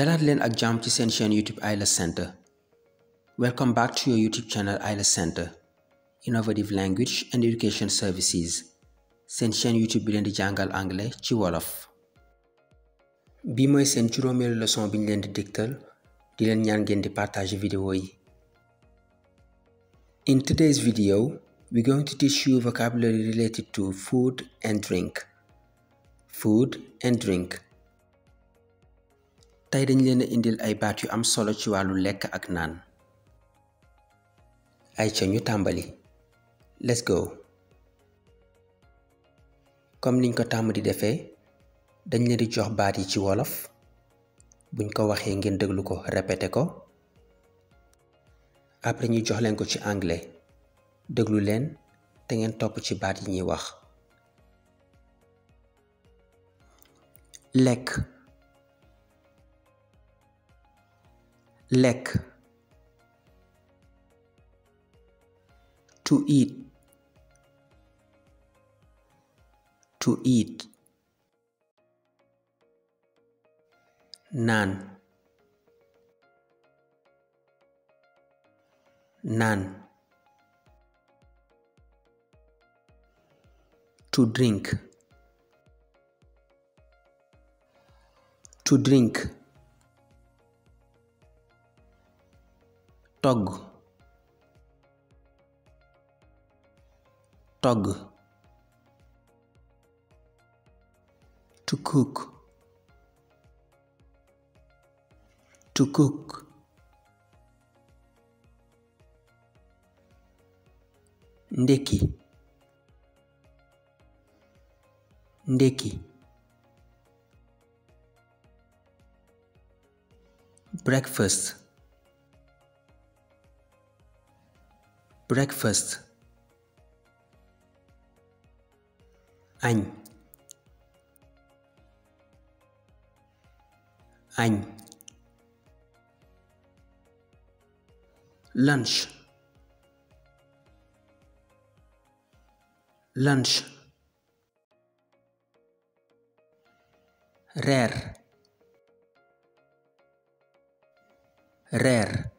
dalaat leen ak jàmm ci seen chaîne YouTube IELTS Center welcome back to your YouTube channel IELTS Center innovative language and education services seen chaîne YouTube bi leen di jàngal anglais ci wolof bi mooy seen juróomeelu leçon bi ñu leen di dégtal di leen ñaan ngeen di partager vidéo yi in today's video we're going to teach you vocabulary related to food and drink food and drink tey dañ leen a indil ay baat yu am solo ci wàllu lekk ak naan ay ca ñu tàmbali let's go comme niñ ko tàmm di defee dañ leen di jox baat yi ci wolof buñ ko waxee ngeen déglu ko répété ko après ñu jox leen ko ci anglais déglu leen te ngeen topp ci baat yi ñuy wax lekk lekk to eat to eat naan naan to drink to drink togg togg to cook to cook ndékki breakfast añ añ lunch lunch reer reer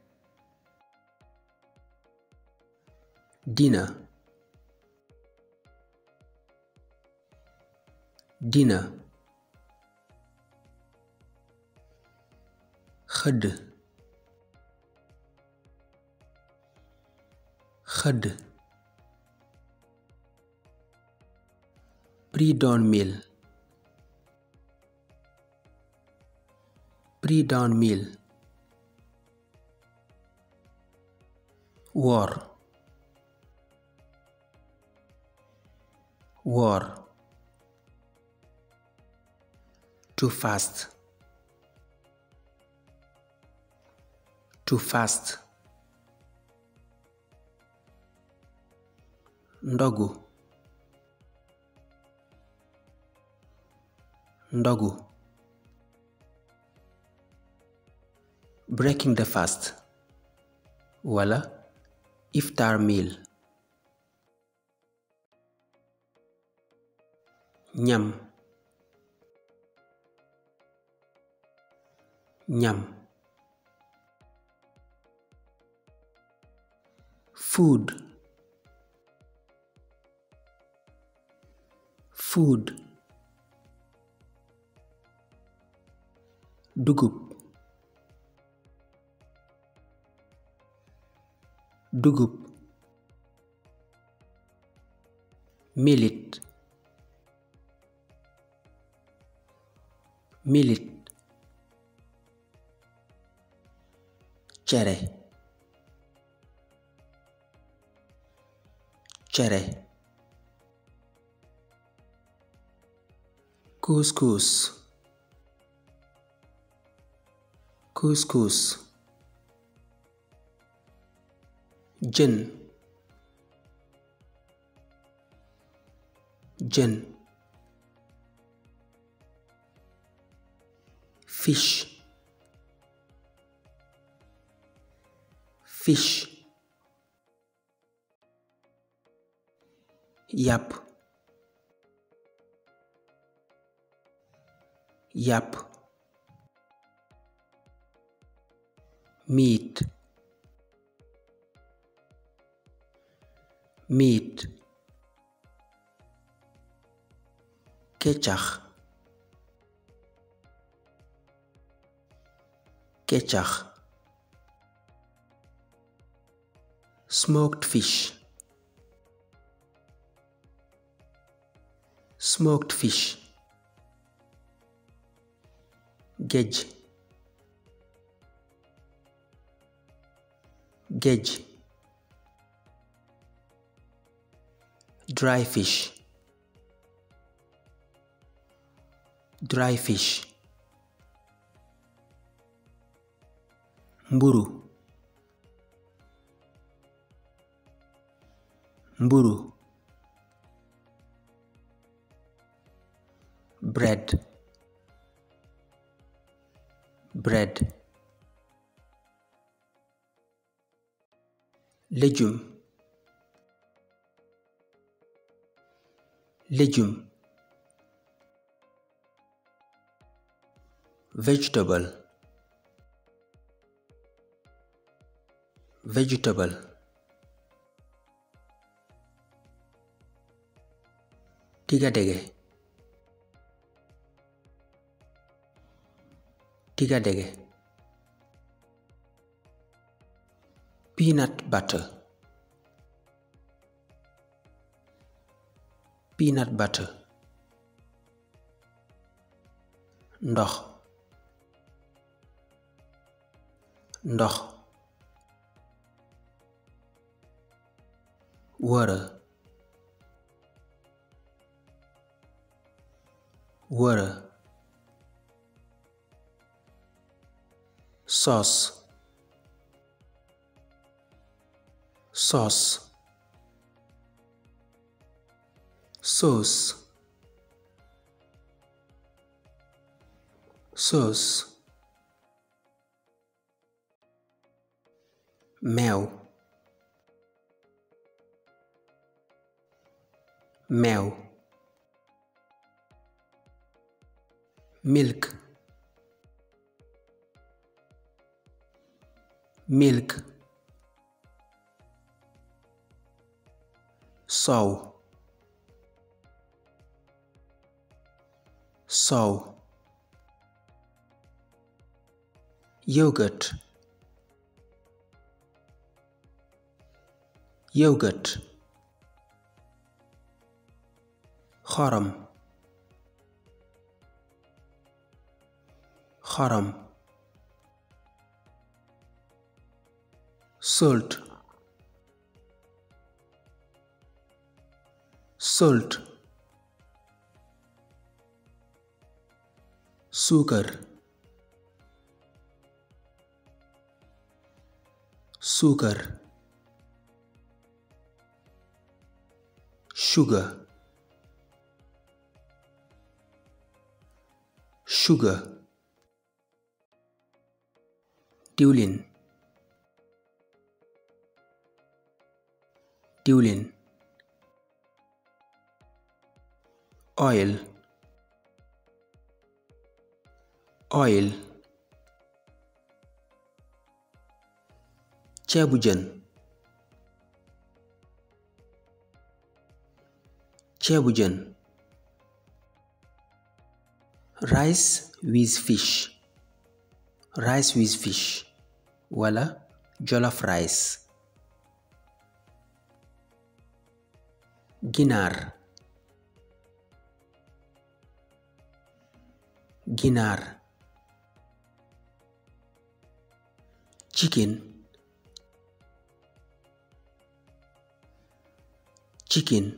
dinner dina xëdd xëdd pre-dawn meal pre-dawn meal woor woor to fast to fast ndogu ndogu breaking the fast wala iftar meal ñam ñam food food dugub dugub millet milit cere cere couscous couscous jën jën fish fish yàpp yàpp meat meat kecax kecax smoked fish smoked fish géej géej dry fish dry fish mburu mburu bread bread légume légume vegetable vegetable tigadege tigadege peanut butter peanut butter ndox ndox wara wara sos sos sos sos mel meew milk milk soow soow yogurt yogurt xorom xorom salt salt suukar suukar sugar sugar tiwlin diwlin oil oil ceebu jën ceebu jën rice with fish rice with fish wala jolof rice ginaar ginaar chicken chicken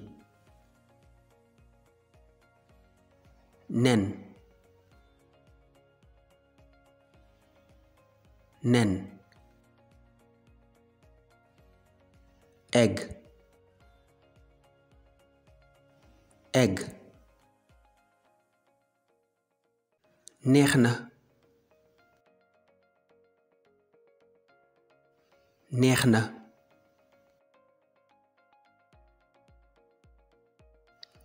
nen nen egg egg neex na neex na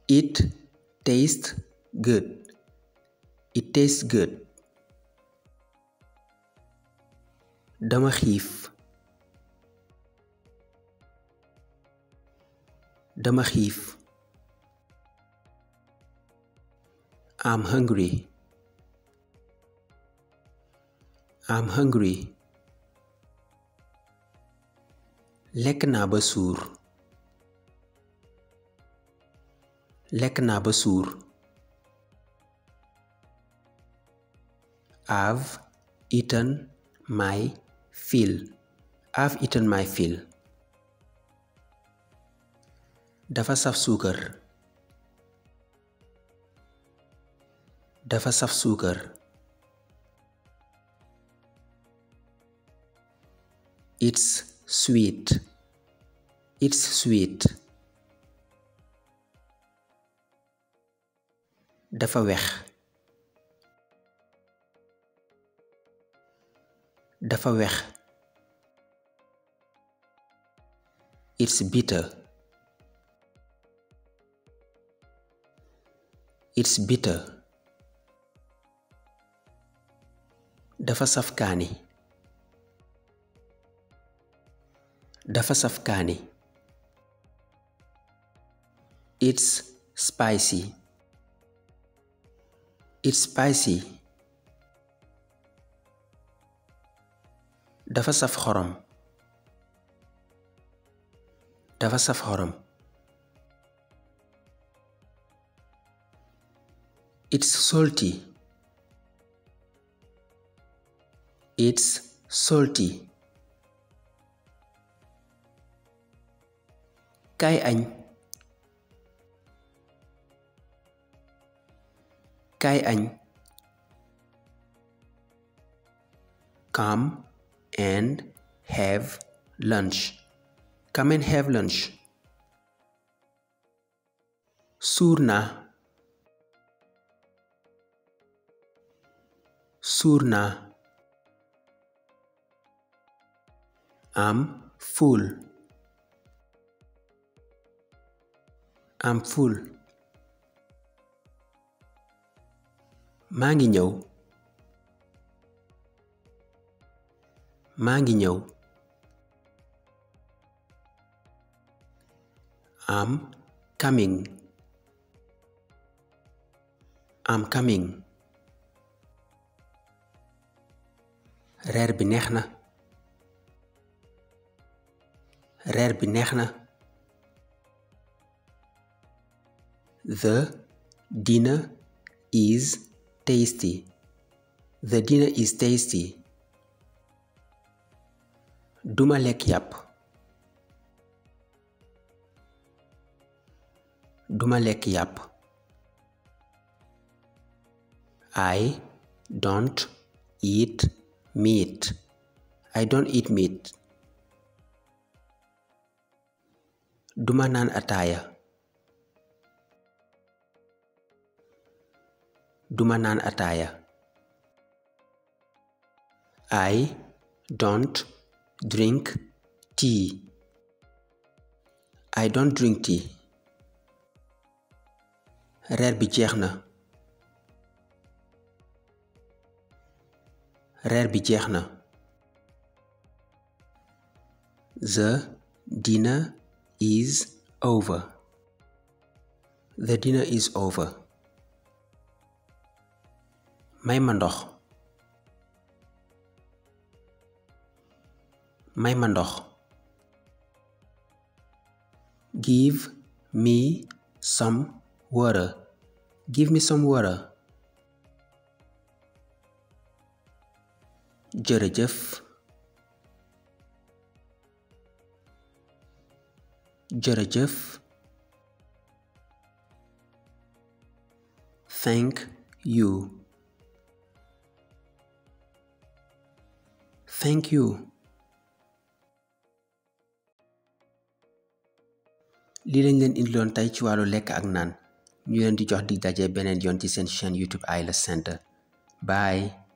it tastes good it tastes good dama xiif dama xiif I'm hungry hungry lekk naa ba suur lekk naa ba suur I've eaten may fiil I've eaten my fill dafa saf suukar dafa saf suukar it's sweet it's sweet dafa wex dafa wex It's bitter. It's bitter. Dafa saf kaani. Dafa saf kaani. It's spicy. It's spicy. Dafa saf xorom. dafa saf xorom it's salty it's salty kaay añ kaay añ come and have lunch Come and have suur naa suur naa am full am full maa ngi ñëw maa ngi ñëw I'm coming. I'm coming. reer bi neex na. reer bi neex na. the dinner is tasty. the dinner is tasty. duma lekk yàpp. duma lekk yàpp I don't eat meat I don't eat meat duma naan ataaya duma naan ataaya I don't drink tea I don't drink tea reer bi jeex na reer bi jeex na the dinner is over the dinner is over may ma ndox may ma ndox give me some Water. Give me some water. Jërëjëf. Jërëjëf. Thank you. Thank you. lii lañ leen indiloon tey ci wàllu lekk ak naan ñu leen di jox dig daje beneen yoon ci seen chaîne YouTube Ayla Center bye